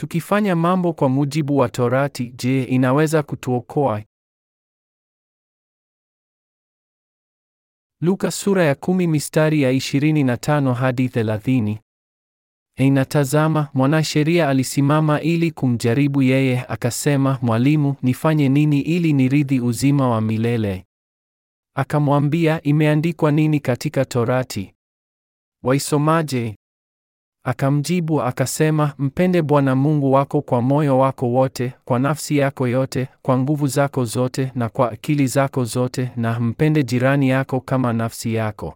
Tukifanya mambo kwa mujibu wa Torati, je, inaweza kutuokoa? Luka sura ya kumi mistari ya 25 hadi 30. Inatazama, mwanasheria alisimama ili kumjaribu yeye, akasema, Mwalimu, nifanye nini ili nirithi uzima wa milele? Akamwambia, imeandikwa nini katika Torati? Waisomaje? Akamjibu akasema, mpende Bwana Mungu wako kwa moyo wako wote, kwa nafsi yako yote, kwa nguvu zako zote na kwa akili zako zote, na mpende jirani yako kama nafsi yako.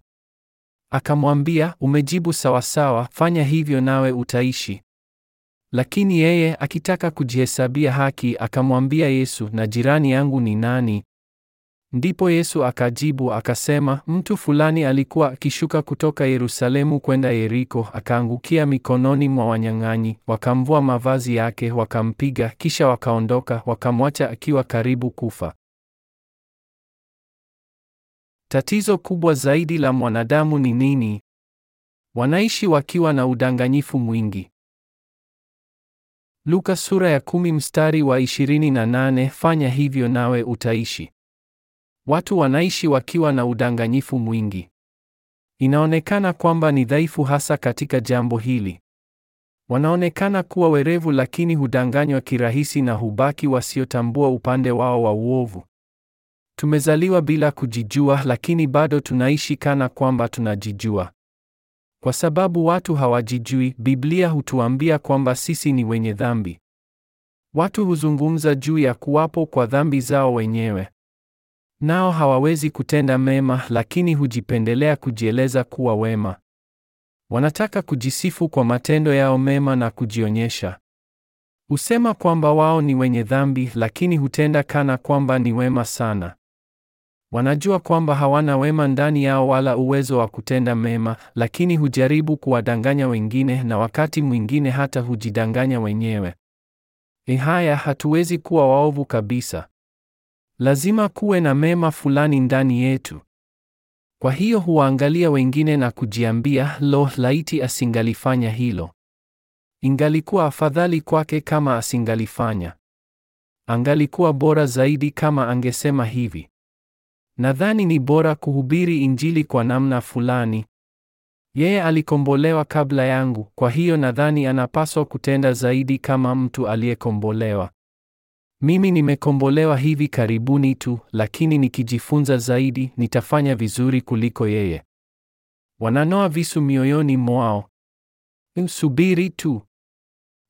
Akamwambia, umejibu sawasawa, fanya hivyo nawe utaishi. Lakini yeye akitaka kujihesabia haki, akamwambia Yesu, na jirani yangu ni nani? Ndipo Yesu akajibu akasema, mtu fulani alikuwa akishuka kutoka Yerusalemu kwenda Yeriko, akaangukia mikononi mwa wanyang'anyi, wakamvua mavazi yake, wakampiga, kisha wakaondoka, wakamwacha akiwa karibu kufa. Tatizo kubwa zaidi la mwanadamu ni nini? Wanaishi wakiwa na udanganyifu mwingi. Luka sura ya kumi mstari wa 28, fanya hivyo nawe utaishi. Watu wanaishi wakiwa na udanganyifu mwingi. Inaonekana kwamba ni dhaifu hasa katika jambo hili. Wanaonekana kuwa werevu lakini hudanganywa kirahisi na hubaki wasiotambua upande wao wa uovu. Tumezaliwa bila kujijua lakini bado tunaishi kana kwamba tunajijua. Kwa sababu watu hawajijui, Biblia hutuambia kwamba sisi ni wenye dhambi. Watu huzungumza juu ya kuwapo kwa dhambi zao wenyewe. Nao hawawezi kutenda mema, lakini hujipendelea kujieleza kuwa wema. Wanataka kujisifu kwa matendo yao mema na kujionyesha. Husema kwamba wao ni wenye dhambi, lakini hutenda kana kwamba ni wema sana. Wanajua kwamba hawana wema ndani yao wala uwezo wa kutenda mema, lakini hujaribu kuwadanganya wengine na wakati mwingine hata hujidanganya wenyewe. Eh, haya, hatuwezi kuwa waovu kabisa. Lazima kuwe na mema fulani ndani yetu. Kwa hiyo huwaangalia wengine na kujiambia, lo, laiti asingalifanya hilo. Ingalikuwa afadhali kwake kama asingalifanya. Angalikuwa bora zaidi kama angesema hivi. Nadhani ni bora kuhubiri Injili kwa namna fulani. Yeye alikombolewa kabla yangu, kwa hiyo nadhani anapaswa kutenda zaidi kama mtu aliyekombolewa. Mimi nimekombolewa hivi karibuni tu, lakini nikijifunza zaidi nitafanya vizuri kuliko yeye. Wananoa visu mioyoni mwao. Subiri tu,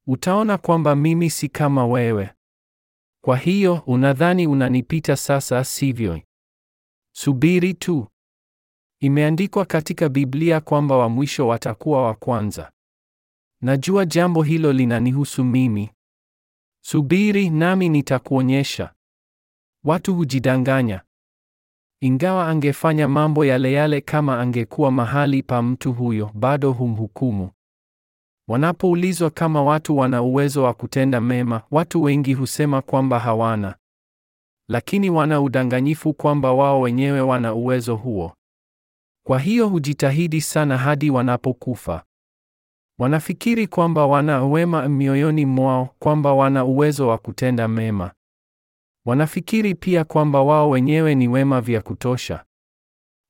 utaona kwamba mimi si kama wewe. Kwa hiyo unadhani unanipita sasa, sivyo? Subiri tu. Imeandikwa katika Biblia kwamba wa mwisho watakuwa wa kwanza. Najua jambo hilo linanihusu mimi. Subiri nami nitakuonyesha. Watu hujidanganya. Ingawa angefanya mambo yale yale kama angekuwa mahali pa mtu huyo, bado humhukumu. Wanapoulizwa kama watu wana uwezo wa kutenda mema, watu wengi husema kwamba hawana. Lakini wana udanganyifu kwamba wao wenyewe wana uwezo huo. Kwa hiyo hujitahidi sana hadi wanapokufa. Wanafikiri kwamba wana wema mioyoni mwao, kwamba wana uwezo wa kutenda mema. Wanafikiri pia kwamba wao wenyewe ni wema vya kutosha.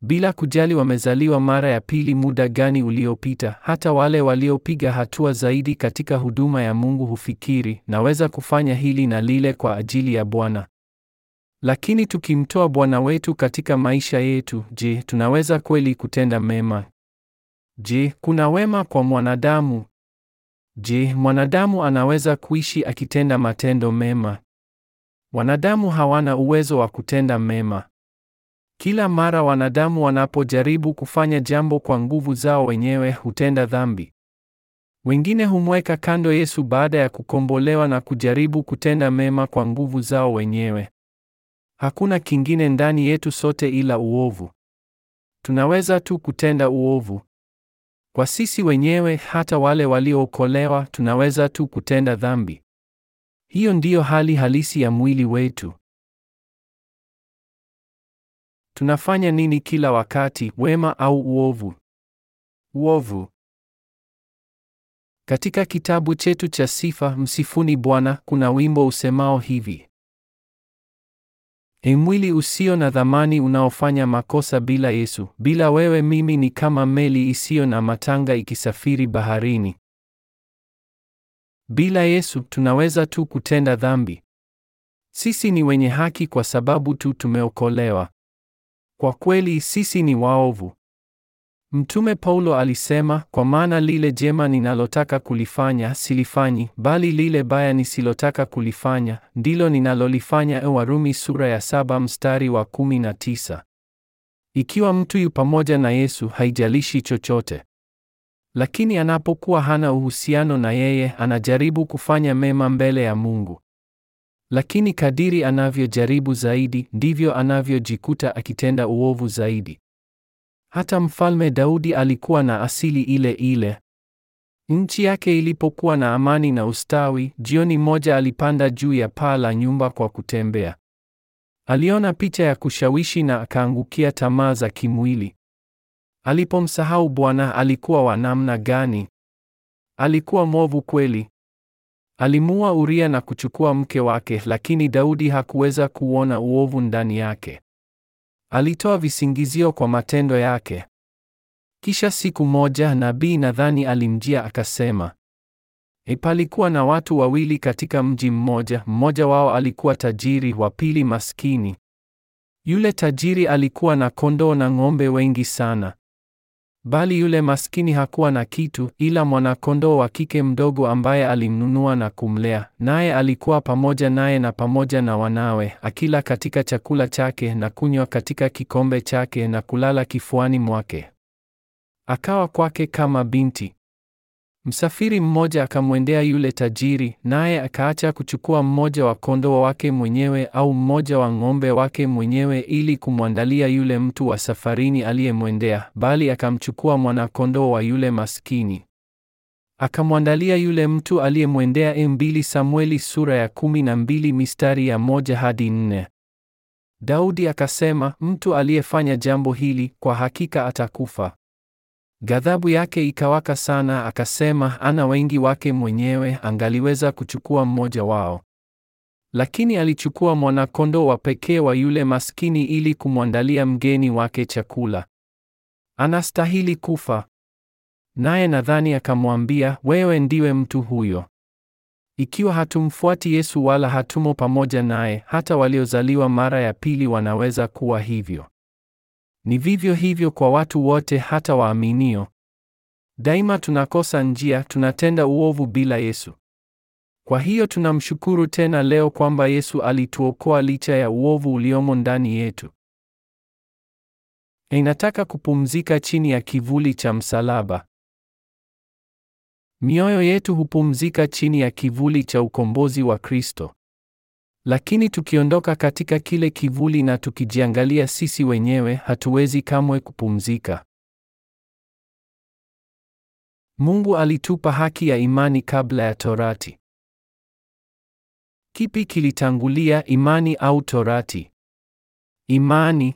Bila kujali wamezaliwa mara ya pili muda gani uliopita, hata wale waliopiga hatua zaidi katika huduma ya Mungu hufikiri, naweza kufanya hili na lile kwa ajili ya Bwana. Lakini tukimtoa Bwana wetu katika maisha yetu, je, tunaweza kweli kutenda mema? Je, kuna wema kwa mwanadamu? Je, mwanadamu anaweza kuishi akitenda matendo mema? Wanadamu hawana uwezo wa kutenda mema. Kila mara wanadamu wanapojaribu kufanya jambo kwa nguvu zao wenyewe hutenda dhambi. Wengine humweka kando Yesu baada ya kukombolewa na kujaribu kutenda mema kwa nguvu zao wenyewe. Hakuna kingine ndani yetu sote ila uovu. Tunaweza tu kutenda uovu. Kwa sisi wenyewe, hata wale waliookolewa, tunaweza tu kutenda dhambi. Hiyo ndiyo hali halisi ya mwili wetu. Tunafanya nini kila wakati, wema au uovu? Uovu. Katika kitabu chetu cha sifa Msifuni Bwana kuna wimbo usemao hivi: E mwili usio na dhamani unaofanya makosa bila Yesu, bila wewe mimi ni kama meli isiyo na matanga ikisafiri baharini. Bila Yesu tunaweza tu kutenda dhambi. Sisi ni wenye haki kwa sababu tu tumeokolewa. Kwa kweli sisi ni waovu. Mtume Paulo alisema, kwa maana lile jema ninalotaka kulifanya silifanyi, bali lile baya nisilotaka kulifanya ndilo ninalolifanya. E, Warumi sura ya saba mstari wa kumi na tisa. Ikiwa mtu yu pamoja na Yesu haijalishi chochote, lakini anapokuwa hana uhusiano na yeye, anajaribu kufanya mema mbele ya Mungu, lakini kadiri anavyojaribu zaidi, ndivyo anavyojikuta akitenda uovu zaidi. Hata Mfalme Daudi alikuwa na asili ile ile. Nchi yake ilipokuwa na amani na ustawi, jioni moja alipanda juu ya paa la nyumba kwa kutembea. Aliona picha ya kushawishi na akaangukia tamaa za kimwili. Alipomsahau Bwana, alikuwa wa namna gani? Alikuwa mwovu kweli. Alimuua Uria na kuchukua mke wake, lakini Daudi hakuweza kuona uovu ndani yake. Alitoa visingizio kwa matendo yake. Kisha siku moja nabii nadhani alimjia akasema, e, palikuwa na watu wawili katika mji mmoja, mmoja wao alikuwa tajiri, wa pili maskini. Yule tajiri alikuwa na kondoo na ng'ombe wengi sana, Bali yule maskini hakuwa na kitu ila mwanakondoo wa kike mdogo ambaye alimnunua na kumlea, naye alikuwa pamoja naye na pamoja na wanawe, akila katika chakula chake na kunywa katika kikombe chake na kulala kifuani mwake. Akawa kwake kama binti. Msafiri mmoja akamwendea yule tajiri, naye akaacha kuchukua mmoja wa kondoo wake mwenyewe au mmoja wa ng'ombe wake mwenyewe ili kumwandalia yule mtu wa safarini aliyemwendea, bali akamchukua mwanakondoo wa yule maskini akamwandalia yule mtu aliyemwendea. E, mbili Samueli sura ya kumi na mbili mistari ya moja hadi nne. Daudi akasema, mtu aliyefanya jambo hili kwa hakika atakufa. Ghadhabu yake ikawaka sana, akasema, ana wengi wake mwenyewe, angaliweza kuchukua mmoja wao. Lakini alichukua mwanakondoo wa pekee wa yule maskini ili kumwandalia mgeni wake chakula. Anastahili kufa. Naye nadhani akamwambia, wewe ndiwe mtu huyo. Ikiwa hatumfuati Yesu wala hatumo pamoja naye, hata waliozaliwa mara ya pili wanaweza kuwa hivyo. Ni vivyo hivyo kwa watu wote, hata waaminio. Daima tunakosa njia, tunatenda uovu bila Yesu. Kwa hiyo tunamshukuru tena leo kwamba Yesu alituokoa licha ya uovu uliomo ndani yetu. Inataka kupumzika chini ya kivuli cha msalaba. Mioyo yetu hupumzika chini ya kivuli cha ukombozi wa Kristo. Lakini tukiondoka katika kile kivuli na tukijiangalia sisi wenyewe, hatuwezi kamwe kupumzika. Mungu alitupa haki ya imani kabla ya Torati. Kipi kilitangulia, imani au Torati? Imani.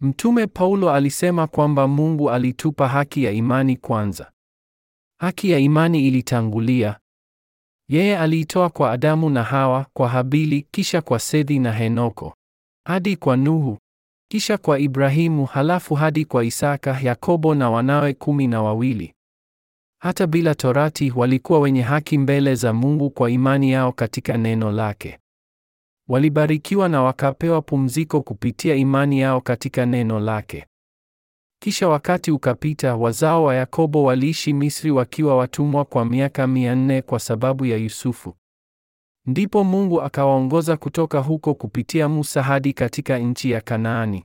Mtume Paulo alisema kwamba Mungu alitupa haki ya imani kwanza. Haki ya imani ilitangulia. Yeye aliitoa kwa Adamu na Hawa, kwa Habili, kisha kwa Sethi na Henoko, hadi kwa Nuhu, kisha kwa Ibrahimu, halafu hadi kwa Isaka, Yakobo na wanawe kumi na wawili. Hata bila Torati walikuwa wenye haki mbele za Mungu kwa imani yao katika neno lake. Walibarikiwa na wakapewa pumziko kupitia imani yao katika neno lake. Kisha wakati ukapita, wazao wa Yakobo waliishi Misri wakiwa watumwa kwa miaka mia nne kwa sababu ya Yusufu. Ndipo Mungu akawaongoza kutoka huko kupitia Musa hadi katika nchi ya Kanaani.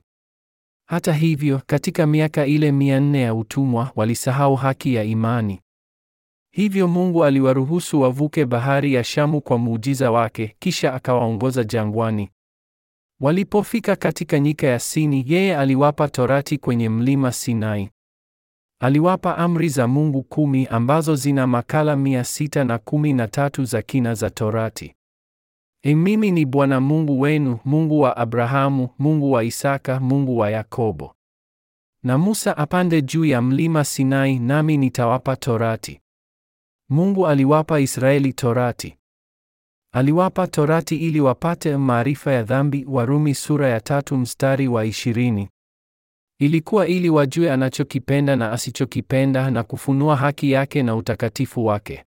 Hata hivyo, katika miaka ile mia nne ya utumwa walisahau haki ya imani. Hivyo Mungu aliwaruhusu wavuke bahari ya Shamu kwa muujiza wake, kisha akawaongoza jangwani. Walipofika katika nyika ya Sini, yeye aliwapa Torati kwenye mlima Sinai. Aliwapa amri za Mungu kumi ambazo zina makala mia sita na kumi na tatu za kina za Torati. E, mimi ni Bwana Mungu wenu, Mungu wa Abrahamu, Mungu wa Isaka, Mungu wa Yakobo. Na Musa apande juu ya mlima Sinai, nami nitawapa Torati. Mungu aliwapa Israeli Torati. Aliwapa Torati ili wapate maarifa ya dhambi, Warumi sura ya tatu mstari wa ishirini. Ilikuwa ili wajue anachokipenda na asichokipenda na kufunua haki yake na utakatifu wake.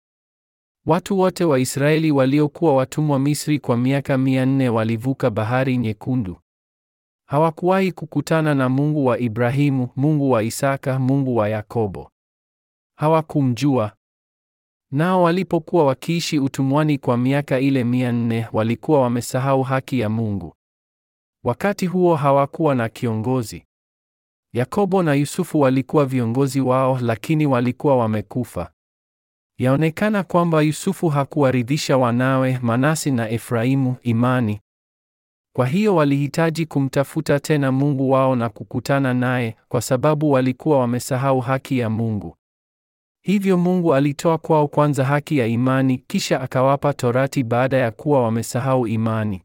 Watu wote wa Israeli waliokuwa watumwa Misri kwa miaka mia nne walivuka bahari nyekundu. Hawakuwahi kukutana na Mungu wa Ibrahimu, Mungu wa Isaka, Mungu wa Yakobo. Hawakumjua. Nao walipokuwa wakiishi utumwani kwa miaka ile mia nne walikuwa wamesahau haki ya Mungu. Wakati huo hawakuwa na kiongozi. Yakobo na Yusufu walikuwa viongozi wao, lakini walikuwa wamekufa. Yaonekana kwamba Yusufu hakuwaridhisha wanawe Manase na Efraimu imani. Kwa hiyo walihitaji kumtafuta tena Mungu wao na kukutana naye, kwa sababu walikuwa wamesahau haki ya Mungu. Hivyo Mungu alitoa kwao kwanza haki ya imani, kisha akawapa torati baada ya kuwa wamesahau imani.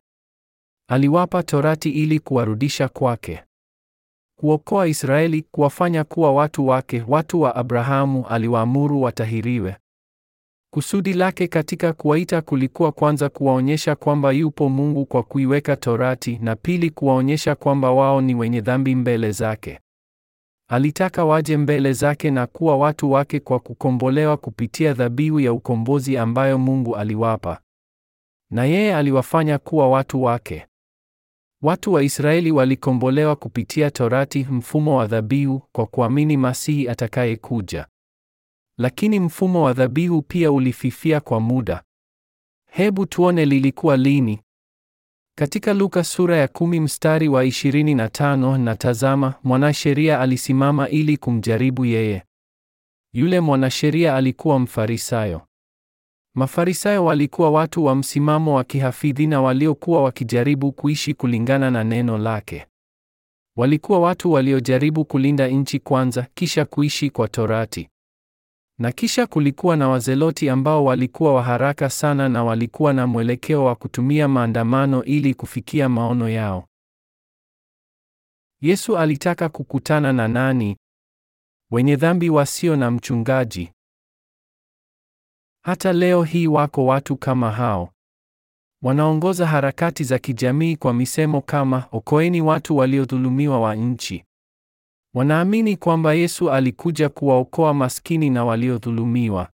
Aliwapa torati ili kuwarudisha kwake, kuokoa Israeli, kuwafanya kuwa watu wake, watu wa Abrahamu. Aliwaamuru watahiriwe. Kusudi lake katika kuwaita kulikuwa kwanza kuwaonyesha kwamba yupo Mungu kwa kuiweka torati, na pili kuwaonyesha kwamba wao ni wenye dhambi mbele zake. Alitaka waje mbele zake na kuwa watu wake kwa kukombolewa kupitia dhabihu ya ukombozi ambayo Mungu aliwapa. Na yeye aliwafanya kuwa watu wake. Watu wa Israeli walikombolewa kupitia Torati, mfumo wa dhabihu, kwa kuamini Masihi atakayekuja. Lakini mfumo wa dhabihu pia ulififia kwa muda. Hebu tuone lilikuwa lini. Katika Luka sura ya kumi mstari wa 25, na tazama, mwanasheria alisimama ili kumjaribu yeye. Yule mwanasheria alikuwa Mfarisayo. Mafarisayo walikuwa watu wa msimamo wa kihafidhi na waliokuwa wakijaribu kuishi kulingana na neno lake. Walikuwa watu waliojaribu kulinda nchi kwanza, kisha kuishi kwa Torati. Na kisha kulikuwa na wazeloti ambao walikuwa wa haraka sana na walikuwa na mwelekeo wa kutumia maandamano ili kufikia maono yao. Yesu alitaka kukutana na nani? Wenye dhambi wasio na mchungaji. Hata leo hii wako watu kama hao. Wanaongoza harakati za kijamii kwa misemo kama okoeni watu waliodhulumiwa wa nchi. Wanaamini kwamba Yesu alikuja kuwaokoa maskini na waliodhulumiwa.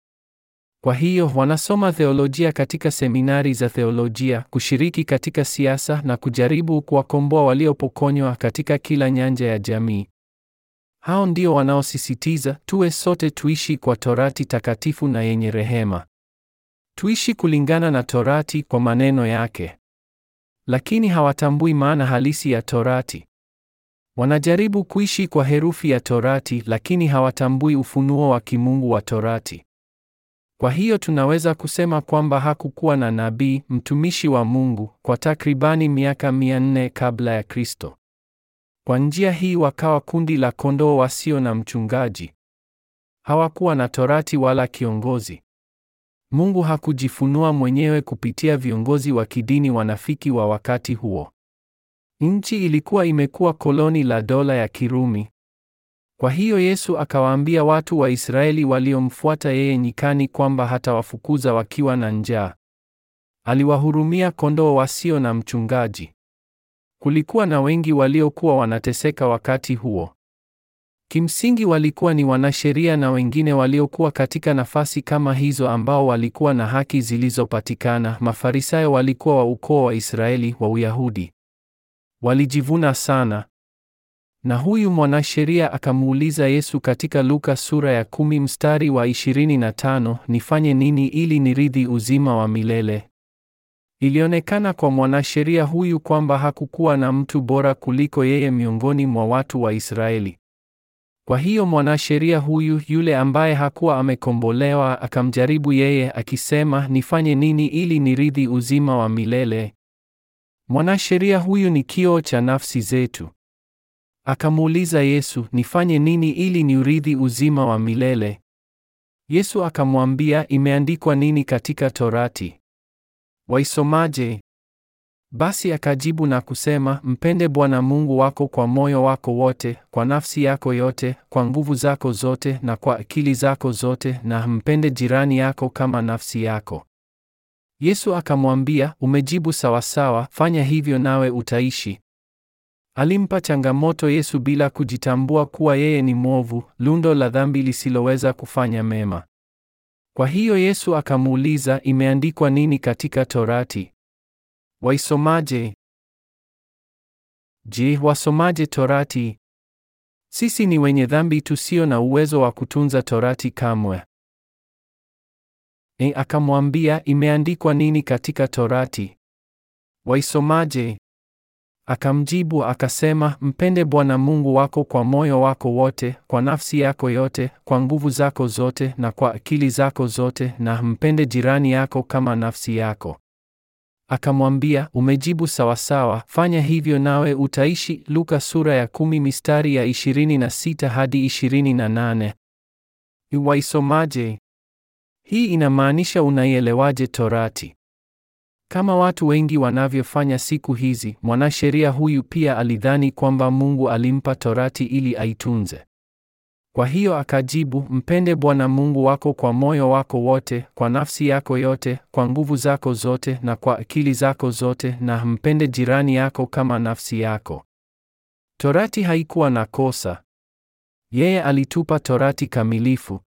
Kwa hiyo wanasoma theolojia katika seminari za theolojia, kushiriki katika siasa na kujaribu kuwakomboa waliopokonywa katika kila nyanja ya jamii. Hao ndio wanaosisitiza tuwe sote tuishi kwa Torati takatifu na yenye rehema. Tuishi kulingana na Torati kwa maneno yake. Lakini hawatambui maana halisi ya Torati. Wanajaribu kuishi kwa herufi ya Torati lakini hawatambui ufunuo wa kimungu wa Torati. Kwa hiyo tunaweza kusema kwamba hakukuwa na nabii mtumishi wa Mungu kwa takribani miaka 400 kabla ya Kristo. Kwa njia hii wakawa kundi la kondoo wasio na mchungaji. Hawakuwa na torati wala kiongozi. Mungu hakujifunua mwenyewe kupitia viongozi wa kidini wanafiki wa wakati huo. Nchi ilikuwa imekuwa koloni la dola ya Kirumi. Kwa hiyo Yesu akawaambia watu wa Israeli waliomfuata yeye nyikani kwamba hatawafukuza wakiwa na njaa. Aliwahurumia kondoo wasio na mchungaji. Kulikuwa na wengi waliokuwa wanateseka wakati huo. Kimsingi walikuwa ni wanasheria na wengine waliokuwa katika nafasi kama hizo ambao walikuwa na haki zilizopatikana. Mafarisayo walikuwa wa ukoo wa Israeli wa Uyahudi. Walijivuna sana. Na huyu mwanasheria akamuuliza Yesu katika Luka sura ya kumi mstari wa 25, nifanye nini ili nirithi uzima wa milele? Ilionekana kwa mwanasheria huyu kwamba hakukuwa na mtu bora kuliko yeye miongoni mwa watu wa Israeli. Kwa hiyo mwanasheria huyu yule ambaye hakuwa amekombolewa akamjaribu yeye akisema, nifanye nini ili nirithi uzima wa milele? Mwanasheria huyu ni kioo cha nafsi zetu. Akamuuliza Yesu, nifanye nini ili niurithi uzima wa milele? Yesu akamwambia, imeandikwa nini katika Torati? Waisomaje? Basi akajibu na kusema, mpende Bwana Mungu wako kwa moyo wako wote, kwa nafsi yako yote, kwa nguvu zako zote na kwa akili zako zote, na mpende jirani yako kama nafsi yako. Yesu akamwambia, umejibu sawasawa, fanya hivyo nawe utaishi. Alimpa changamoto Yesu bila kujitambua kuwa yeye ni mwovu, lundo la dhambi lisiloweza kufanya mema. Kwa hiyo Yesu akamuuliza, imeandikwa nini katika Torati? Waisomaje? Je, wasomaje Torati? Sisi ni wenye dhambi tusio na uwezo wa kutunza Torati kamwe. E, akamwambia imeandikwa nini katika Torati? Waisomaje? Akamjibu akasema, mpende Bwana Mungu wako kwa moyo wako wote, kwa nafsi yako yote, kwa nguvu zako zote na kwa akili zako zote, na mpende jirani yako kama nafsi yako. Akamwambia, umejibu sawasawa, fanya hivyo nawe utaishi. Luka sura ya kumi mistari ya 26 hadi 28. Waisomaje? Hii inamaanisha unaielewaje Torati? Kama watu wengi wanavyofanya siku hizi, mwanasheria huyu pia alidhani kwamba Mungu alimpa Torati ili aitunze. Kwa hiyo akajibu, mpende Bwana Mungu wako kwa moyo wako wote, kwa nafsi yako yote, kwa nguvu zako zote na kwa akili zako zote na mpende jirani yako kama nafsi yako. Torati haikuwa na kosa. Yeye alitupa Torati kamilifu.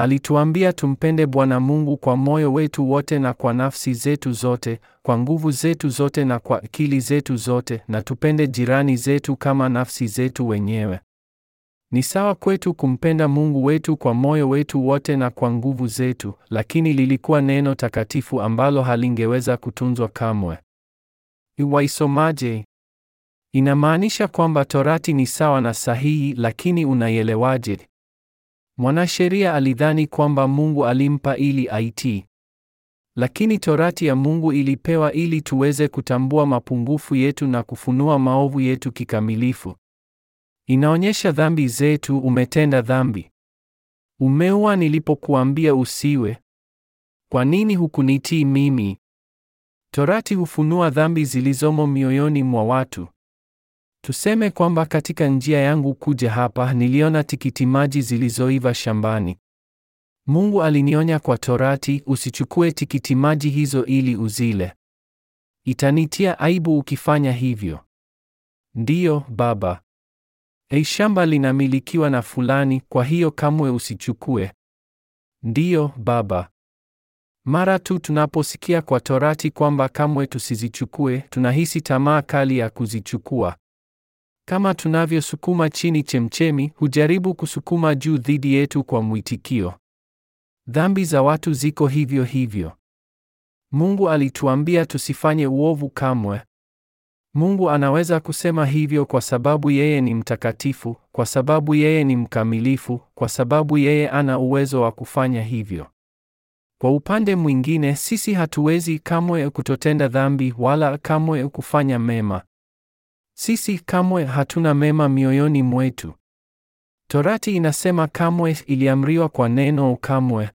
Alituambia tumpende Bwana Mungu kwa moyo wetu wote na kwa nafsi zetu zote, kwa nguvu zetu zote na kwa akili zetu zote, na tupende jirani zetu kama nafsi zetu wenyewe. Ni sawa kwetu kumpenda Mungu wetu kwa moyo wetu wote na kwa nguvu zetu, lakini lilikuwa neno takatifu ambalo halingeweza kutunzwa kamwe. Iwaisomaje? Inamaanisha kwamba Torati ni sawa na sahihi, lakini unaielewaje? Mwanasheria alidhani kwamba Mungu alimpa ili aitii. Lakini torati ya Mungu ilipewa ili tuweze kutambua mapungufu yetu na kufunua maovu yetu kikamilifu. Inaonyesha dhambi zetu, umetenda dhambi. Umeua nilipokuambia usiwe. Kwa nini hukunitii mimi? Torati hufunua dhambi zilizomo mioyoni mwa watu. Tuseme kwamba katika njia yangu kuja hapa niliona tikiti maji zilizoiva shambani. Mungu alinionya kwa Torati, usichukue tikiti maji hizo ili uzile. Itanitia aibu ukifanya hivyo. Ndiyo, Baba. Ei, shamba linamilikiwa na fulani, kwa hiyo kamwe usichukue. Ndiyo, Baba. Mara tu tunaposikia kwa Torati kwamba kamwe tusizichukue, tunahisi tamaa kali ya kuzichukua. Kama tunavyosukuma chini chemchemi, hujaribu kusukuma juu dhidi yetu kwa mwitikio. Dhambi za watu ziko hivyo hivyo. Mungu alituambia tusifanye uovu kamwe. Mungu anaweza kusema hivyo kwa sababu yeye ni mtakatifu, kwa sababu yeye ni mkamilifu, kwa sababu yeye ana uwezo wa kufanya hivyo. Kwa upande mwingine, sisi hatuwezi kamwe kutotenda dhambi wala kamwe kufanya mema. Sisi kamwe hatuna mema mioyoni mwetu. Torati inasema kamwe, iliamriwa kwa neno kamwe.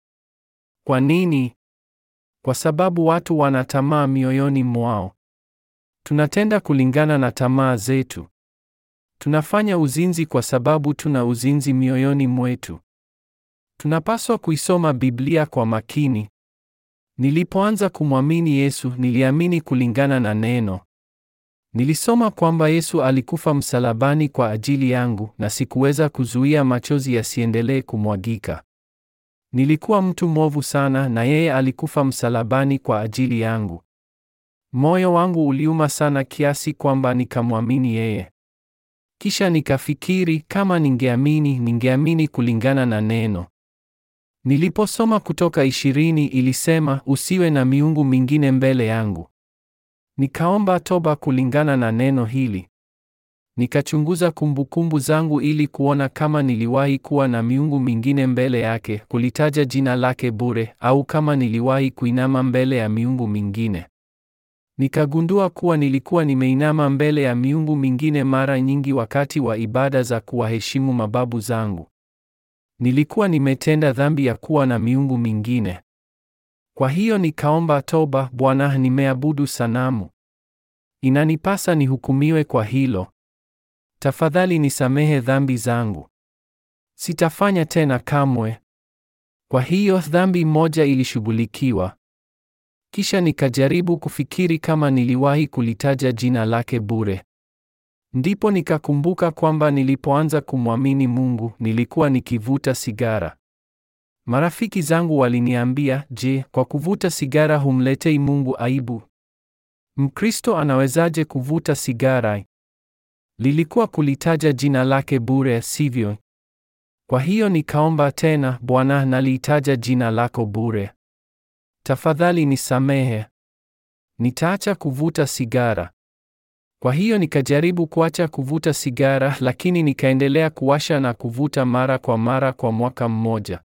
Kwa nini? Kwa sababu watu wana tamaa mioyoni mwao. Tunatenda kulingana na tamaa zetu. Tunafanya uzinzi kwa sababu tuna uzinzi mioyoni mwetu. Tunapaswa kuisoma Biblia kwa makini. Nilipoanza kumwamini Yesu, niliamini kulingana na neno. Nilisoma kwamba Yesu alikufa msalabani kwa ajili yangu na sikuweza kuzuia machozi yasiendelee kumwagika. Nilikuwa mtu mwovu sana na yeye alikufa msalabani kwa ajili yangu. Moyo wangu uliuma sana kiasi kwamba nikamwamini yeye. Kisha nikafikiri kama ningeamini, ningeamini kulingana na neno. Niliposoma Kutoka ishirini ilisema, usiwe na miungu mingine mbele yangu. Nikaomba toba kulingana na neno hili. Nikachunguza kumbukumbu zangu ili kuona kama niliwahi kuwa na miungu mingine mbele yake, kulitaja jina lake bure au kama niliwahi kuinama mbele ya miungu mingine. Nikagundua kuwa nilikuwa nimeinama mbele ya miungu mingine mara nyingi wakati wa ibada za kuwaheshimu mababu zangu. Nilikuwa nimetenda dhambi ya kuwa na miungu mingine. Kwa hiyo nikaomba toba, Bwana, nimeabudu sanamu. Inanipasa nihukumiwe kwa hilo. Tafadhali nisamehe dhambi zangu. Sitafanya tena kamwe. Kwa hiyo dhambi moja ilishughulikiwa. Kisha nikajaribu kufikiri kama niliwahi kulitaja jina lake bure. Ndipo nikakumbuka kwamba nilipoanza kumwamini Mungu, nilikuwa nikivuta sigara. Marafiki zangu waliniambia, je, kwa kuvuta sigara humletei Mungu aibu? Mkristo anawezaje kuvuta sigara? Lilikuwa kulitaja jina lake bure, sivyo? Kwa hiyo nikaomba tena, Bwana, nalitaja jina lako bure, tafadhali nisamehe, nitaacha kuvuta sigara. Kwa hiyo nikajaribu kuacha kuvuta sigara, lakini nikaendelea kuwasha na kuvuta mara kwa mara kwa mwaka mmoja.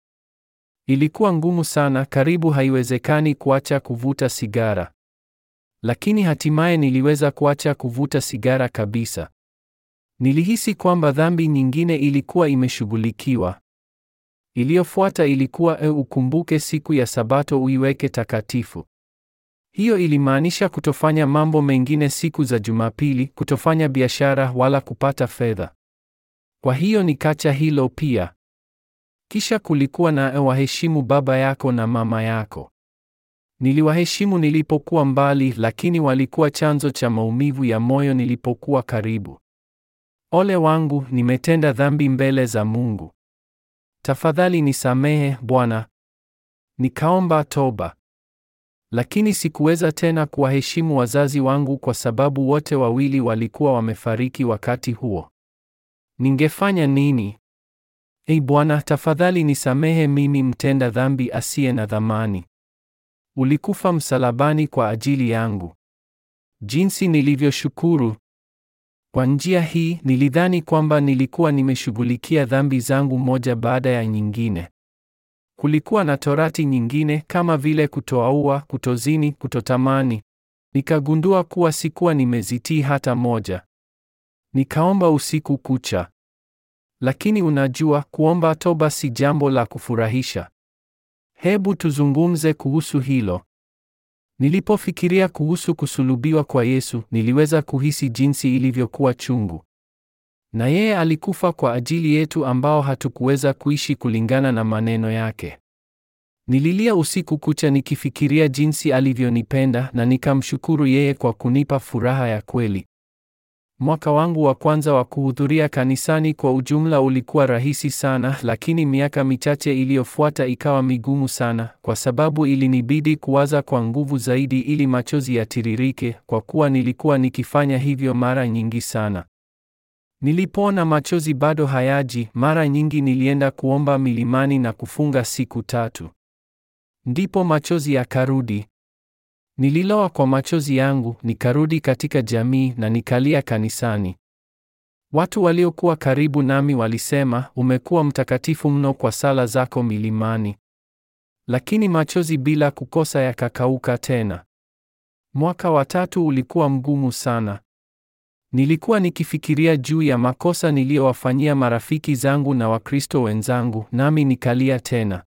Ilikuwa ngumu sana, karibu haiwezekani kuacha kuvuta sigara. Lakini hatimaye niliweza kuacha kuvuta sigara kabisa. Nilihisi kwamba dhambi nyingine ilikuwa imeshughulikiwa. Iliyofuata ilikuwa e, ukumbuke siku ya Sabato uiweke takatifu. Hiyo ilimaanisha kutofanya mambo mengine siku za Jumapili, kutofanya biashara wala kupata fedha. Kwa hiyo nikacha hilo pia. Kisha kulikuwa na waheshimu baba yako na mama yako. Niliwaheshimu nilipokuwa mbali, lakini walikuwa chanzo cha maumivu ya moyo nilipokuwa karibu. Ole wangu, nimetenda dhambi mbele za Mungu. Tafadhali nisamehe Bwana. Nikaomba toba. Lakini sikuweza tena kuwaheshimu wazazi wangu kwa sababu wote wawili walikuwa wamefariki wakati huo. Ningefanya nini? ei Bwana, tafadhali nisamehe mimi mtenda dhambi asiye na dhamani. Ulikufa msalabani kwa ajili yangu. Jinsi nilivyoshukuru! Kwa njia hii nilidhani kwamba nilikuwa nimeshughulikia dhambi zangu moja baada ya nyingine. Kulikuwa na torati nyingine kama vile kutoaua, kutozini, kutotamani. Nikagundua kuwa sikuwa nimezitii hata moja. Nikaomba usiku kucha. Lakini unajua kuomba toba si jambo la kufurahisha. Hebu tuzungumze kuhusu hilo. Nilipofikiria kuhusu kusulubiwa kwa Yesu, niliweza kuhisi jinsi ilivyokuwa chungu. Na yeye alikufa kwa ajili yetu ambao hatukuweza kuishi kulingana na maneno yake. Nililia usiku kucha nikifikiria jinsi alivyonipenda na nikamshukuru yeye kwa kunipa furaha ya kweli. Mwaka wangu wa kwanza wa kuhudhuria kanisani kwa ujumla ulikuwa rahisi sana, lakini miaka michache iliyofuata ikawa migumu sana, kwa sababu ilinibidi kuwaza kwa nguvu zaidi ili machozi yatiririke, kwa kuwa nilikuwa nikifanya hivyo mara nyingi sana. Nilipoona machozi bado hayaji, mara nyingi nilienda kuomba milimani na kufunga siku tatu. Ndipo machozi yakarudi. Nililoa kwa machozi yangu, nikarudi katika jamii na nikalia kanisani. Watu waliokuwa karibu nami walisema, umekuwa mtakatifu mno kwa sala zako milimani. Lakini machozi bila kukosa yakakauka tena. Mwaka wa tatu ulikuwa mgumu sana. Nilikuwa nikifikiria juu ya makosa niliyowafanyia marafiki zangu na Wakristo wenzangu, nami nikalia tena.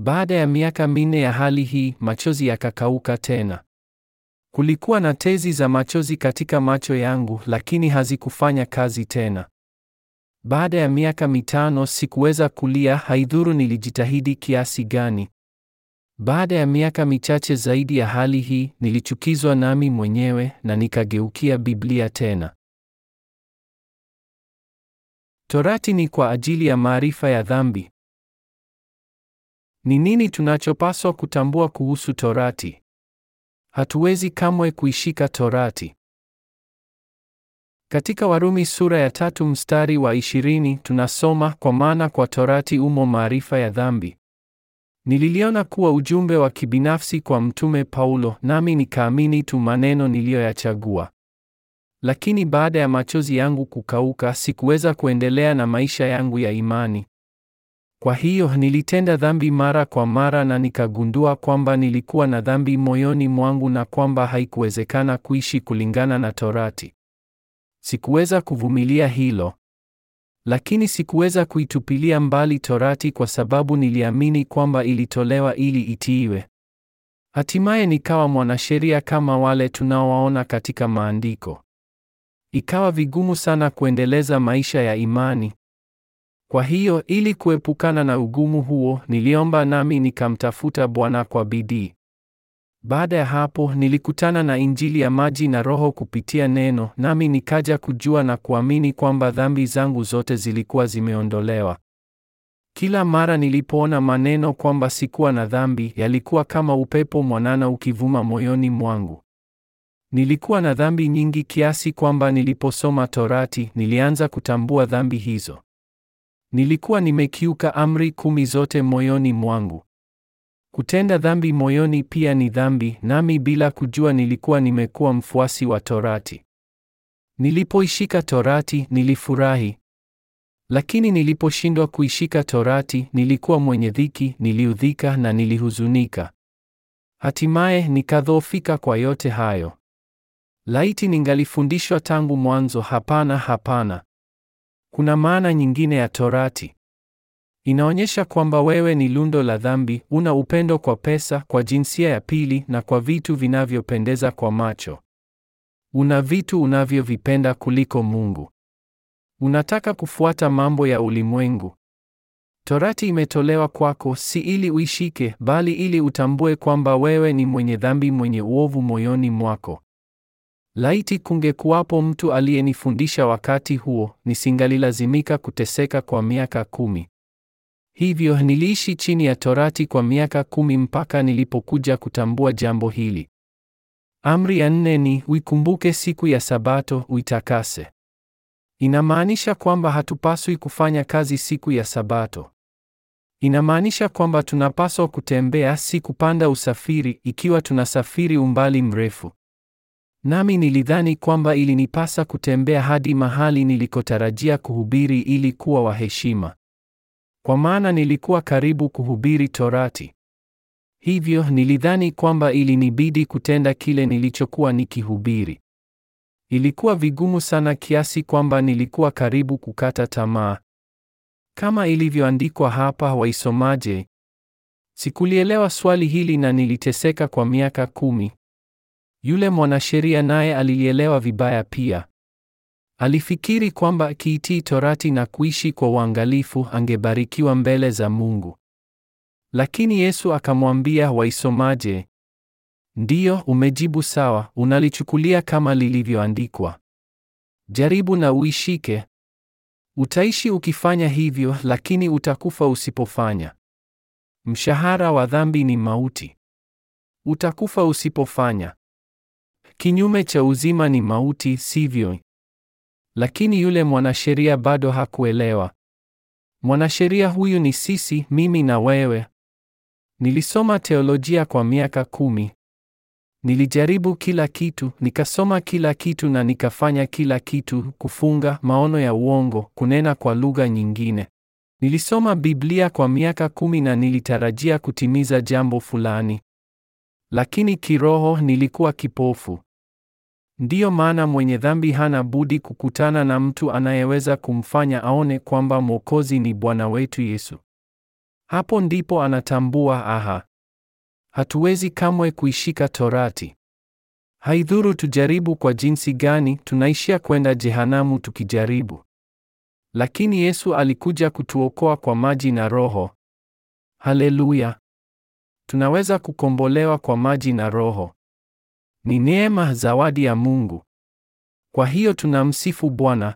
Baada ya miaka minne ya hali hii, machozi yakakauka tena. Kulikuwa na tezi za machozi katika macho yangu, lakini hazikufanya kazi tena. Baada ya miaka mitano sikuweza kulia, haidhuru nilijitahidi kiasi gani. Baada ya miaka michache zaidi ya hali hii, nilichukizwa nami mwenyewe na nikageukia Biblia tena. Torati ni kwa ajili ya maarifa ya dhambi. Ni nini tunachopaswa kutambua kuhusu Torati? Hatuwezi kamwe kuishika Torati. Katika Warumi sura ya tatu mstari wa ishirini tunasoma kwa maana kwa Torati umo maarifa ya dhambi. Nililiona kuwa ujumbe wa kibinafsi kwa mtume Paulo, nami nikaamini tu maneno niliyoyachagua. Lakini baada ya machozi yangu kukauka, sikuweza kuendelea na maisha yangu ya imani. Kwa hiyo nilitenda dhambi mara kwa mara na nikagundua kwamba nilikuwa na dhambi moyoni mwangu na kwamba haikuwezekana kuishi kulingana na Torati. Sikuweza kuvumilia hilo. Lakini sikuweza kuitupilia mbali Torati kwa sababu niliamini kwamba ilitolewa ili itiiwe. Hatimaye nikawa mwanasheria kama wale tunaowaona katika maandiko. Ikawa vigumu sana kuendeleza maisha ya imani. Kwa hiyo ili kuepukana na ugumu huo, niliomba nami nikamtafuta Bwana kwa bidii. Baada ya hapo nilikutana na Injili ya maji na Roho kupitia neno, nami nikaja kujua na kuamini kwamba dhambi zangu zote zilikuwa zimeondolewa. Kila mara nilipoona maneno kwamba sikuwa na dhambi, yalikuwa kama upepo mwanana ukivuma moyoni mwangu. Nilikuwa na dhambi nyingi kiasi kwamba niliposoma Torati nilianza kutambua dhambi hizo. Nilikuwa nimekiuka amri kumi zote moyoni mwangu. Kutenda dhambi moyoni pia ni dhambi, nami bila kujua nilikuwa nimekuwa mfuasi wa Torati. Nilipoishika Torati nilifurahi, lakini niliposhindwa kuishika Torati nilikuwa mwenye dhiki, niliudhika na nilihuzunika. Hatimaye nikadhoofika kwa yote hayo. Laiti ningalifundishwa tangu mwanzo! Hapana, hapana! Kuna maana nyingine ya Torati. Inaonyesha kwamba wewe ni lundo la dhambi, una upendo kwa pesa, kwa jinsia ya pili na kwa vitu vinavyopendeza kwa macho. Una vitu unavyovipenda kuliko Mungu. Unataka kufuata mambo ya ulimwengu. Torati imetolewa kwako si ili uishike, bali ili utambue kwamba wewe ni mwenye dhambi mwenye uovu moyoni mwako. Laiti kungekuwapo mtu aliyenifundisha wakati huo, nisingalilazimika kuteseka kwa miaka kumi. Hivyo niliishi chini ya torati kwa miaka kumi mpaka nilipokuja kutambua jambo hili. Amri ya nne ni uikumbuke siku ya Sabato uitakase. Inamaanisha kwamba hatupaswi kufanya kazi siku ya Sabato. Inamaanisha kwamba tunapaswa kutembea, si kupanda usafiri, ikiwa tunasafiri umbali mrefu. Nami nilidhani kwamba ilinipasa kutembea hadi mahali nilikotarajia kuhubiri ili kuwa wa heshima. Kwa maana nilikuwa karibu kuhubiri Torati. Hivyo nilidhani kwamba ilinibidi kutenda kile nilichokuwa nikihubiri. Ilikuwa vigumu sana kiasi kwamba nilikuwa karibu kukata tamaa. Kama ilivyoandikwa hapa, waisomaje? Sikulielewa swali hili na niliteseka kwa miaka kumi. Yule mwanasheria naye alielewa vibaya pia. Alifikiri kwamba akiitii Torati na kuishi kwa uangalifu angebarikiwa mbele za Mungu. Lakini Yesu akamwambia, waisomaje? Ndiyo, umejibu sawa, unalichukulia kama lilivyoandikwa. Jaribu na uishike. Utaishi ukifanya hivyo, lakini utakufa usipofanya. Mshahara wa dhambi ni mauti. Utakufa usipofanya. Kinyume cha uzima ni mauti, sivyo? Lakini yule mwanasheria bado hakuelewa. Mwanasheria huyu ni sisi, mimi na wewe. Nilisoma teolojia kwa miaka kumi. Nilijaribu kila kitu, nikasoma kila kitu na nikafanya kila kitu, kufunga, maono ya uongo, kunena kwa lugha nyingine. Nilisoma Biblia kwa miaka kumi na nilitarajia kutimiza jambo fulani. Lakini kiroho nilikuwa kipofu. Ndiyo maana mwenye dhambi hana budi kukutana na mtu anayeweza kumfanya aone kwamba Mwokozi ni Bwana wetu Yesu. Hapo ndipo anatambua aha, hatuwezi kamwe kuishika Torati. Haidhuru tujaribu kwa jinsi gani, tunaishia kwenda jehanamu tukijaribu. Lakini Yesu alikuja kutuokoa kwa maji na Roho. Haleluya! Tunaweza kukombolewa kwa maji na Roho. Ni neema, zawadi ya Mungu. Kwa hiyo tunamsifu Bwana.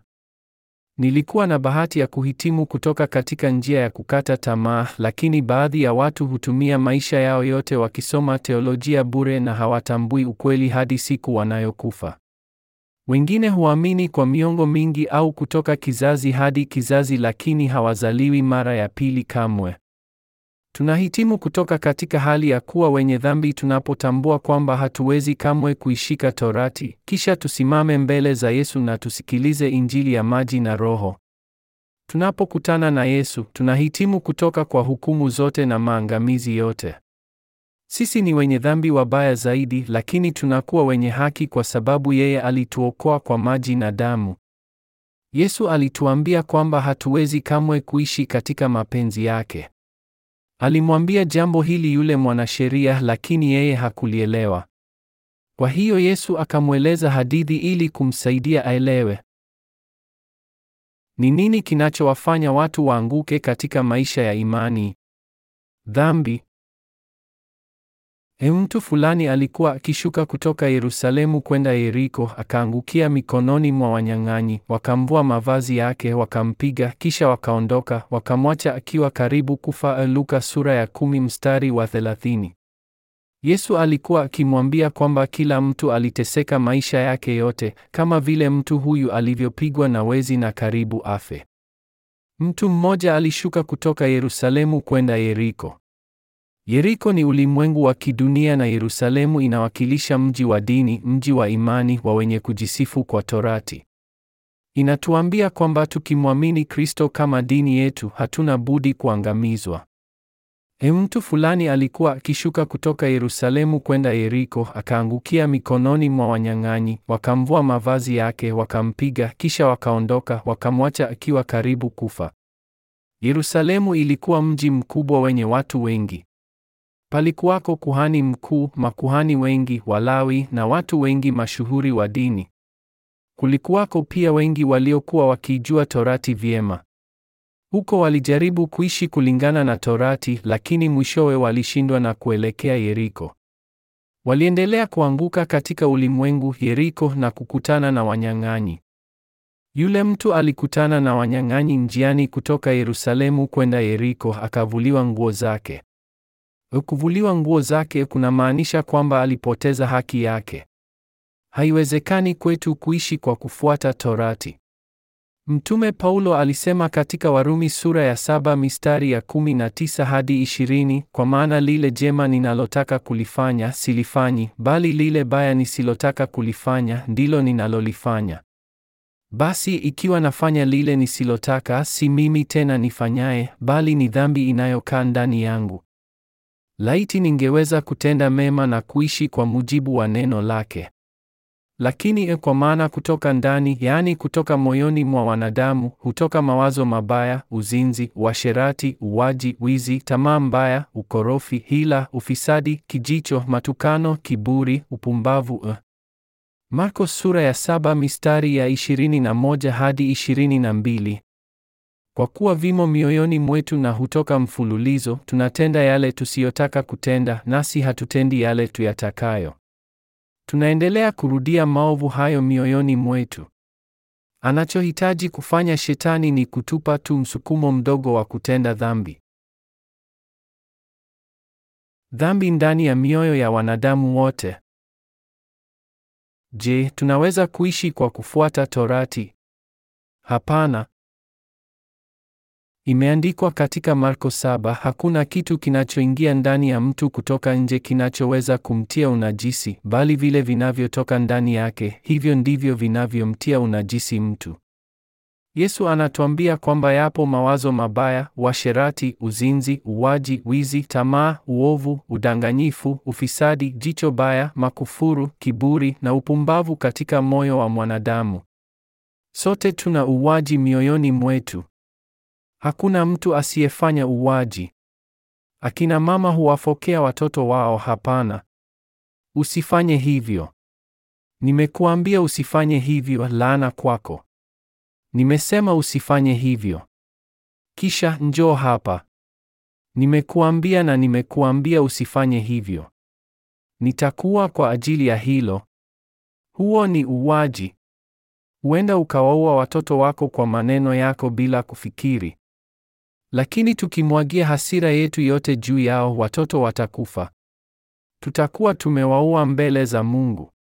Nilikuwa na bahati ya kuhitimu kutoka katika njia ya kukata tamaa, lakini baadhi ya watu hutumia maisha yao yote wakisoma teolojia bure na hawatambui ukweli hadi siku wanayokufa. Wengine huamini kwa miongo mingi au kutoka kizazi hadi kizazi, lakini hawazaliwi mara ya pili kamwe. Tunahitimu kutoka katika hali ya kuwa wenye dhambi tunapotambua kwamba hatuwezi kamwe kuishika Torati, kisha tusimame mbele za Yesu na tusikilize Injili ya maji na Roho. Tunapokutana na Yesu, tunahitimu kutoka kwa hukumu zote na maangamizi yote. Sisi ni wenye dhambi wabaya zaidi, lakini tunakuwa wenye haki kwa sababu yeye alituokoa kwa maji na damu. Yesu alituambia kwamba hatuwezi kamwe kuishi katika mapenzi yake. Alimwambia jambo hili yule mwanasheria, lakini yeye hakulielewa. Kwa hiyo Yesu akamweleza hadithi ili kumsaidia aelewe. Ni nini kinachowafanya watu waanguke katika maisha ya imani? Dhambi. E, mtu fulani alikuwa akishuka kutoka Yerusalemu kwenda Yeriko, akaangukia mikononi mwa wanyang'anyi, wakamvua mavazi yake, wakampiga, kisha wakaondoka, wakamwacha akiwa karibu kufa. Luka sura ya kumi mstari wa thelathini. Yesu alikuwa akimwambia kwamba kila mtu aliteseka maisha yake yote, kama vile mtu huyu alivyopigwa na wezi na karibu afe. Mtu mmoja alishuka kutoka Yerusalemu kwenda Yeriko. Yeriko ni ulimwengu wa kidunia na Yerusalemu inawakilisha mji wa dini, mji wa imani, wa wenye kujisifu kwa Torati. Inatuambia kwamba tukimwamini Kristo kama dini yetu, hatuna budi kuangamizwa. E, mtu fulani alikuwa akishuka kutoka Yerusalemu kwenda Yeriko, akaangukia mikononi mwa wanyang'anyi, wakamvua mavazi yake, wakampiga, kisha wakaondoka, wakamwacha akiwa karibu kufa. Yerusalemu ilikuwa mji mkubwa wenye watu wengi. Palikuwako kuhani mkuu, makuhani wengi, Walawi na watu wengi mashuhuri wa dini. Kulikuwako pia wengi waliokuwa wakijua Torati vyema. Huko walijaribu kuishi kulingana na Torati, lakini mwishowe walishindwa na kuelekea Yeriko. Waliendelea kuanguka katika ulimwengu Yeriko na kukutana na wanyang'anyi. Yule mtu alikutana na wanyang'anyi njiani kutoka Yerusalemu kwenda Yeriko, akavuliwa nguo zake. Kuvuliwa nguo zake kunamaanisha kwamba alipoteza haki yake. Haiwezekani kwetu kuishi kwa kufuata Torati. Mtume Paulo alisema katika Warumi sura ya saba mistari ya kumi na tisa hadi ishirini, kwa maana lile jema ninalotaka kulifanya silifanyi, bali lile baya nisilotaka kulifanya ndilo ninalolifanya. Basi ikiwa nafanya lile nisilotaka, si mimi tena nifanyaye, bali ni dhambi inayokaa ndani yangu. Laiti ningeweza kutenda mema na kuishi kwa mujibu wa neno lake. Lakini e kwa maana kutoka ndani, yaani kutoka moyoni mwa wanadamu, hutoka mawazo mabaya, uzinzi, uasherati, uwaji, wizi, tamaa mbaya, ukorofi, hila, ufisadi, kijicho, matukano, kiburi, upumbavu. E. Marko sura ya saba mistari ya 21 hadi 22. Kwa kuwa vimo mioyoni mwetu na hutoka mfululizo, tunatenda yale tusiyotaka kutenda, nasi hatutendi yale tuyatakayo. Tunaendelea kurudia maovu hayo mioyoni mwetu. Anachohitaji kufanya Shetani ni kutupa tu msukumo mdogo wa kutenda dhambi. Dhambi ndani ya mioyo ya wanadamu wote. Je, tunaweza kuishi kwa kufuata Torati? Hapana. Imeandikwa katika Marko saba, hakuna kitu kinachoingia ndani ya mtu kutoka nje kinachoweza kumtia unajisi, bali vile vinavyotoka ndani yake, hivyo ndivyo vinavyomtia unajisi mtu. Yesu anatuambia kwamba yapo mawazo mabaya, washerati, uzinzi, uwaji, wizi, tamaa, uovu, udanganyifu, ufisadi, jicho baya, makufuru, kiburi na upumbavu katika moyo wa mwanadamu. Sote tuna uwaji mioyoni mwetu. Hakuna mtu asiyefanya uwaji. Akina mama huwafokea watoto wao. Hapana, usifanye hivyo. Nimekuambia usifanye hivyo, laana kwako. Nimesema usifanye hivyo, kisha njoo hapa. Nimekuambia na nimekuambia usifanye hivyo. Nitakuwa kwa ajili ya hilo. Huo ni uwaji. Huenda ukawaua watoto wako kwa maneno yako bila kufikiri. Lakini tukimwagia hasira yetu yote juu yao, watoto watakufa. Tutakuwa tumewaua mbele za Mungu.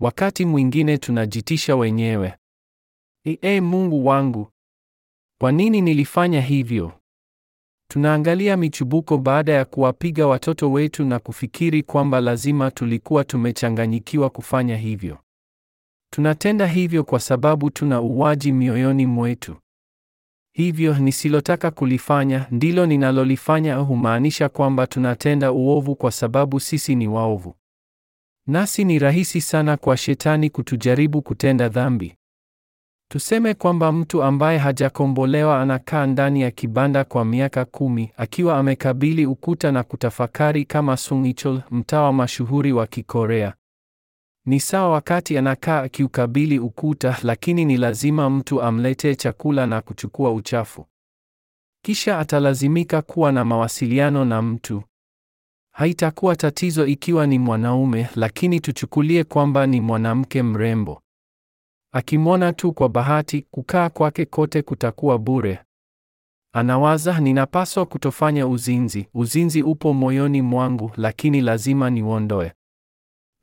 Wakati mwingine tunajitisha wenyewe. Ee Mungu wangu, kwa nini nilifanya hivyo? Tunaangalia michubuko baada ya kuwapiga watoto wetu na kufikiri kwamba lazima tulikuwa tumechanganyikiwa kufanya hivyo. Tunatenda hivyo kwa sababu tuna uwaji mioyoni mwetu. Hivyo nisilotaka kulifanya ndilo ninalolifanya, humaanisha kwamba tunatenda uovu kwa sababu sisi ni waovu, nasi ni rahisi sana kwa shetani kutujaribu kutenda dhambi. Tuseme kwamba mtu ambaye hajakombolewa anakaa ndani ya kibanda kwa miaka kumi akiwa amekabili ukuta na kutafakari kama Sung Ichol, mtawa mashuhuri wa Kikorea, ni sawa wakati anakaa akiukabili ukuta, lakini ni lazima mtu amletee chakula na kuchukua uchafu. Kisha atalazimika kuwa na mawasiliano na mtu. Haitakuwa tatizo ikiwa ni mwanaume, lakini tuchukulie kwamba ni mwanamke mrembo. Akimwona tu kwa bahati, kukaa kwake kote kutakuwa bure. Anawaza, ninapaswa kutofanya uzinzi. Uzinzi upo moyoni mwangu, lakini lazima niuondoe.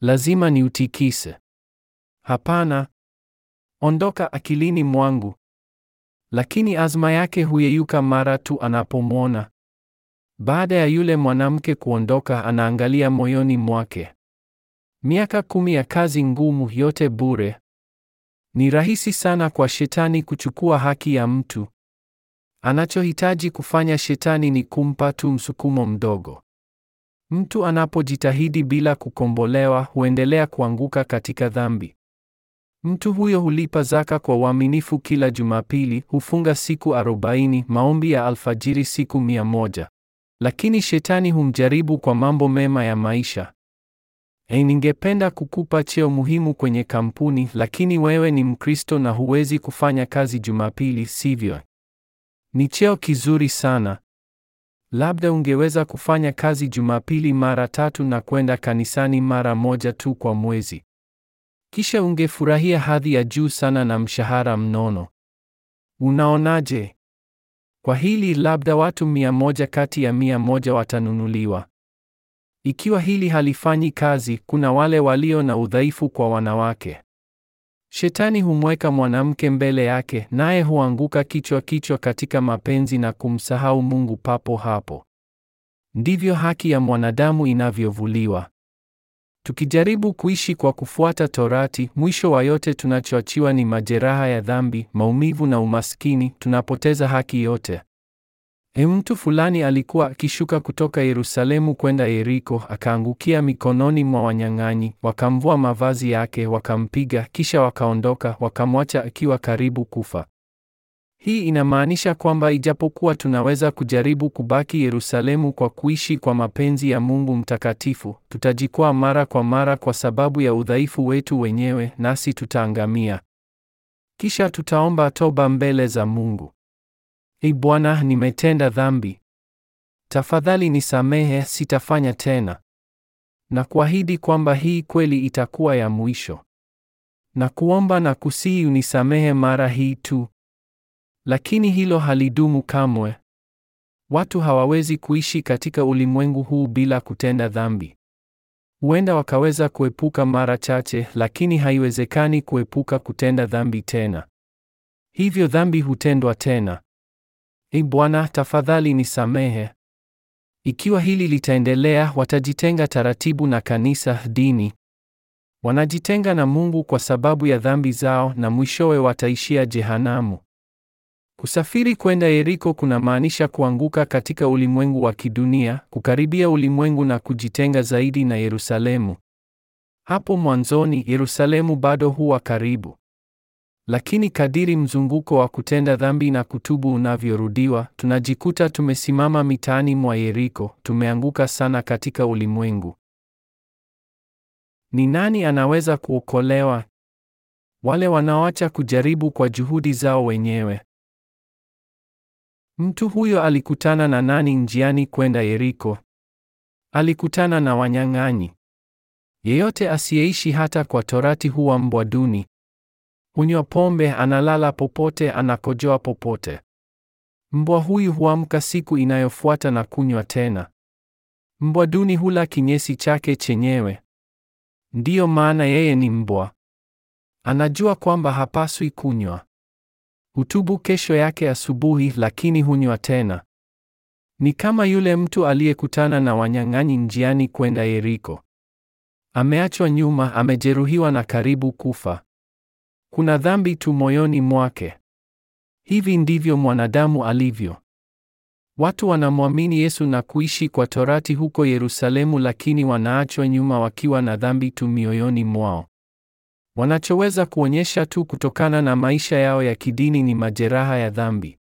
Lazima niutikise. Hapana. Ondoka akilini mwangu. Lakini azma yake huyeyuka mara tu anapomwona. Baada ya yule mwanamke kuondoka, anaangalia moyoni mwake. Miaka kumi ya kazi ngumu, yote bure. Ni rahisi sana kwa shetani kuchukua haki ya mtu. Anachohitaji kufanya shetani ni kumpa tu msukumo mdogo. Mtu anapojitahidi bila kukombolewa huendelea kuanguka katika dhambi. Mtu huyo hulipa zaka kwa uaminifu kila Jumapili, hufunga siku arobaini, maombi ya alfajiri siku mia moja, lakini shetani humjaribu kwa mambo mema ya maisha. Hey, ningependa kukupa cheo muhimu kwenye kampuni, lakini wewe ni Mkristo na huwezi kufanya kazi Jumapili, sivyo? Ni cheo kizuri sana Labda ungeweza kufanya kazi Jumapili mara tatu na kwenda kanisani mara moja tu kwa mwezi. Kisha ungefurahia hadhi ya juu sana na mshahara mnono. Unaonaje? Kwa hili labda watu mia moja kati ya mia moja watanunuliwa. Ikiwa hili halifanyi kazi, kuna wale walio na udhaifu kwa wanawake. Shetani humweka mwanamke mbele yake, naye huanguka kichwa kichwa katika mapenzi na kumsahau Mungu papo hapo. Ndivyo haki ya mwanadamu inavyovuliwa. Tukijaribu kuishi kwa kufuata Torati, mwisho wa yote tunachoachiwa ni majeraha ya dhambi, maumivu na umaskini. Tunapoteza haki yote. E, mtu fulani alikuwa akishuka kutoka Yerusalemu kwenda Yeriko, akaangukia mikononi mwa wanyang'anyi, wakamvua mavazi yake, wakampiga, kisha wakaondoka, wakamwacha akiwa karibu kufa. Hii inamaanisha kwamba ijapokuwa tunaweza kujaribu kubaki Yerusalemu kwa kuishi kwa mapenzi ya Mungu mtakatifu, tutajikwaa mara kwa mara kwa sababu ya udhaifu wetu wenyewe, nasi tutaangamia. Kisha tutaomba toba mbele za Mungu. Ee Bwana, nimetenda dhambi, tafadhali nisamehe, sitafanya tena. Na kuahidi kwamba hii kweli itakuwa ya mwisho. Na kuomba na kusihi unisamehe mara hii tu. Lakini hilo halidumu kamwe. Watu hawawezi kuishi katika ulimwengu huu bila kutenda dhambi. Huenda wakaweza kuepuka mara chache, lakini haiwezekani kuepuka kutenda dhambi tena. Hivyo dhambi hutendwa tena. Ee Bwana, tafadhali nisamehe. Ikiwa hili litaendelea, watajitenga taratibu na kanisa, dini. Wanajitenga na Mungu kwa sababu ya dhambi zao na mwishowe wataishia jehanamu. Kusafiri kwenda Yeriko kunamaanisha kuanguka katika ulimwengu wa kidunia, kukaribia ulimwengu na kujitenga zaidi na Yerusalemu. Hapo mwanzoni Yerusalemu bado huwa karibu. Lakini kadiri mzunguko wa kutenda dhambi na kutubu unavyorudiwa, tunajikuta tumesimama mitaani mwa Yeriko, tumeanguka sana katika ulimwengu. Ni nani anaweza kuokolewa? Wale wanaoacha kujaribu kwa juhudi zao wenyewe. Mtu huyo alikutana na nani njiani kwenda Yeriko? Alikutana na wanyang'anyi. Yeyote asiyeishi hata kwa torati huwa mbwa duni. Hunywa pombe, analala popote, anakojoa popote. Mbwa huyu huamka siku inayofuata na kunywa tena. Mbwa duni hula kinyesi chake chenyewe. Ndiyo maana yeye ni mbwa. Anajua kwamba hapaswi kunywa. Hutubu kesho yake asubuhi, lakini hunywa tena. Ni kama yule mtu aliyekutana na wanyang'anyi njiani kwenda Yeriko. Ameachwa nyuma, amejeruhiwa na karibu kufa. Kuna dhambi tu moyoni mwake. Hivi ndivyo mwanadamu alivyo. Watu wanamwamini Yesu na kuishi kwa torati huko Yerusalemu, lakini wanaachwa nyuma wakiwa na dhambi tu mioyoni mwao. Wanachoweza kuonyesha tu kutokana na maisha yao ya kidini ni majeraha ya dhambi.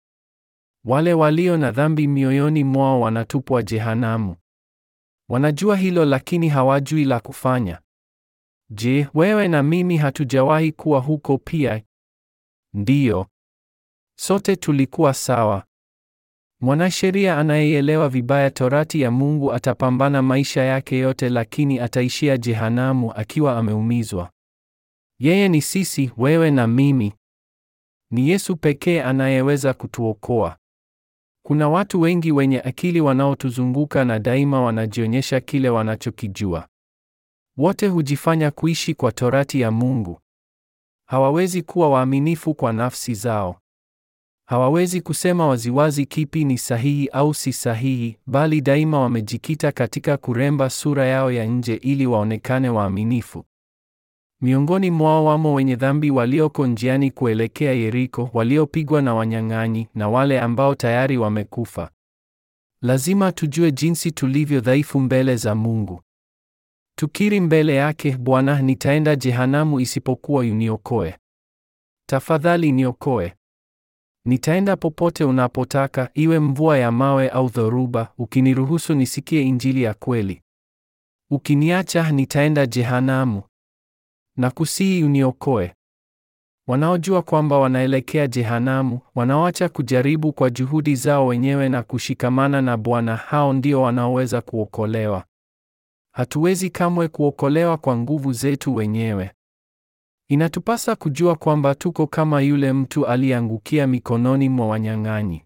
Wale walio na dhambi mioyoni mwao wanatupwa jehanamu. Wanajua hilo lakini hawajui la kufanya. Je, wewe na mimi hatujawahi kuwa huko pia? Ndiyo. Sote tulikuwa sawa. Mwanasheria anayeelewa vibaya torati ya Mungu atapambana maisha yake yote, lakini ataishia jehanamu akiwa ameumizwa. Yeye ni sisi, wewe na mimi. Ni Yesu pekee anayeweza kutuokoa. Kuna watu wengi wenye akili wanaotuzunguka na daima wanajionyesha kile wanachokijua. Wote hujifanya kuishi kwa torati ya Mungu. Hawawezi kuwa waaminifu kwa nafsi zao. Hawawezi kusema waziwazi kipi ni sahihi au si sahihi, bali daima wamejikita katika kuremba sura yao ya nje ili waonekane waaminifu. Miongoni mwao wamo wenye dhambi walioko njiani kuelekea Yeriko, waliopigwa na wanyang'anyi na wale ambao tayari wamekufa. Lazima tujue jinsi tulivyo dhaifu mbele za Mungu. Tukiri mbele yake, Bwana, nitaenda jehanamu isipokuwa uniokoe. Tafadhali niokoe. Nitaenda popote unapotaka, iwe mvua ya mawe au dhoruba, ukiniruhusu nisikie injili ya kweli. Ukiniacha nitaenda jehanamu. Nakusihi uniokoe. Wanaojua kwamba wanaelekea jehanamu, wanaoacha kujaribu kwa juhudi zao wenyewe na kushikamana na Bwana, hao ndio wanaoweza kuokolewa. Hatuwezi kamwe kuokolewa kwa nguvu zetu wenyewe. Inatupasa kujua kwamba tuko kama yule mtu aliyeangukia mikononi mwa wanyang'anyi.